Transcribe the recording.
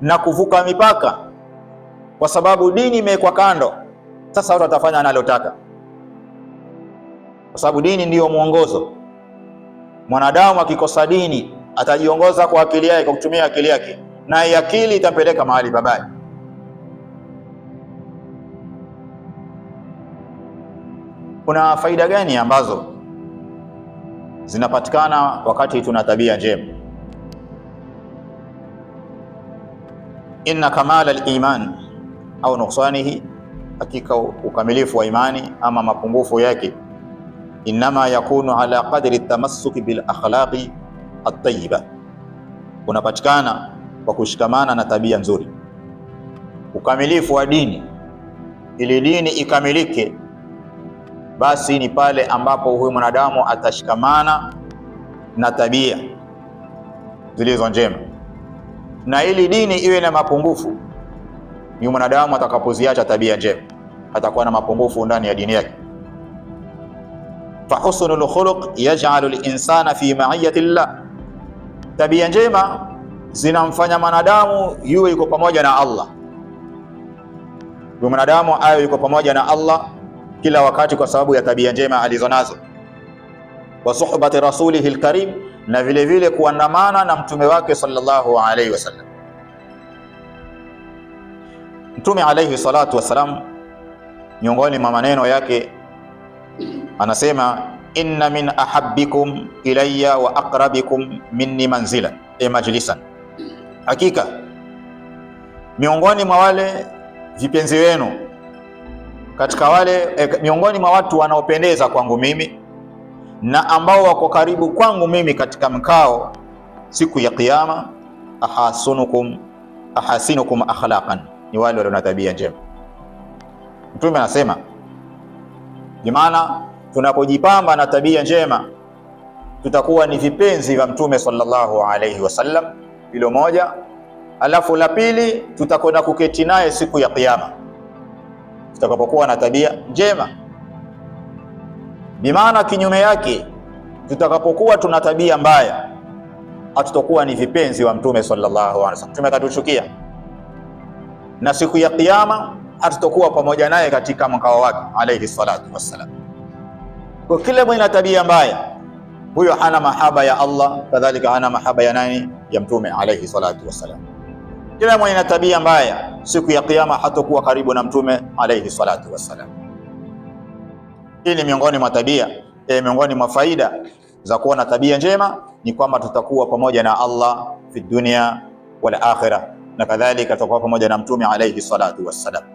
na kuvuka mipaka, kwa sababu dini imewekwa kando. Sasa watu watafanya analotaka, kwa sababu dini ndiyo mwongozo. Mwanadamu akikosa dini atajiongoza kwa akili yake, kwa kutumia akili yake, na akili itampeleka mahali babaya. Kuna faida gani ambazo zinapatikana wakati tuna tabia njema? inna kamala al-iman au nuqsanihi, hakika ukamilifu wa imani ama mapungufu yake, innama yakunu ala qadri tamassuki bil akhlaqi at-tayyiba, unapatikana kwa kushikamana na tabia nzuri. Ukamilifu wa dini, ili dini ikamilike, basi ni pale ambapo huyu mwanadamu atashikamana na tabia zilizo njema na ili dini iwe na mapungufu, ni mwanadamu atakapoziacha tabia njema atakuwa na mapungufu ndani ya dini yake. Fa husnul khuluq yaj'alu al-insana fi ma'iyati llah, tabia njema zinamfanya mwanadamu yuwe yuko pamoja na Allah, mwanadamu ayo yuko pamoja na Allah kila wakati, kwa sababu ya tabia njema alizonazo. Wa suhbati rasulihi al-karim na vile vile kuandamana na mtume wake sallallahu alaihi wasallam. Mtume alaihi salatu wasalam miongoni mwa maneno yake anasema inna min ahabbikum ilayya wa aqrabikum minni manzila e majlisan, hakika miongoni mwa wale vipenzi wenu katika wale e, miongoni mwa watu wanaopendeza kwangu mimi na ambao wako karibu kwangu mimi katika mkao siku ya Kiyama, ahasunukum ahasinukum akhlaqan, ni wale walio na tabia njema. Mtume anasema maana tunapojipamba na tabia njema tutakuwa ni vipenzi vya Mtume sallallahu alayhi wasallam. Hilo moja, alafu la pili tutakwenda kuketi naye siku ya Kiyama tutakapokuwa na tabia njema. Bimaana kinyume yake, tutakapokuwa tuna tabia mbaya hatutakuwa ni vipenzi wa Mtume sallallahu alaihi wasallam. Mtume atatuchukia na siku ya Kiyama hatutakuwa pamoja naye katika mkao wake, alaihi salatu wassalam. Kwa kila mwenye na tabia mbaya huyo hana mahaba ya Allah, kadhalika hana mahaba ya nani? Ya Mtume alaihi salatu wassalam. Kila mwenye na tabia mbaya siku ya Kiyama hatakuwa karibu na Mtume alaihi salatu wassalam. Hii ni miongoni mwa tabia e, miongoni mwa faida za kuwa na tabia njema ni kwamba tutakuwa pamoja na Allah fi dunia wal akhirah, na kadhalika tutakuwa pamoja na Mtume alayhi salatu wassalam.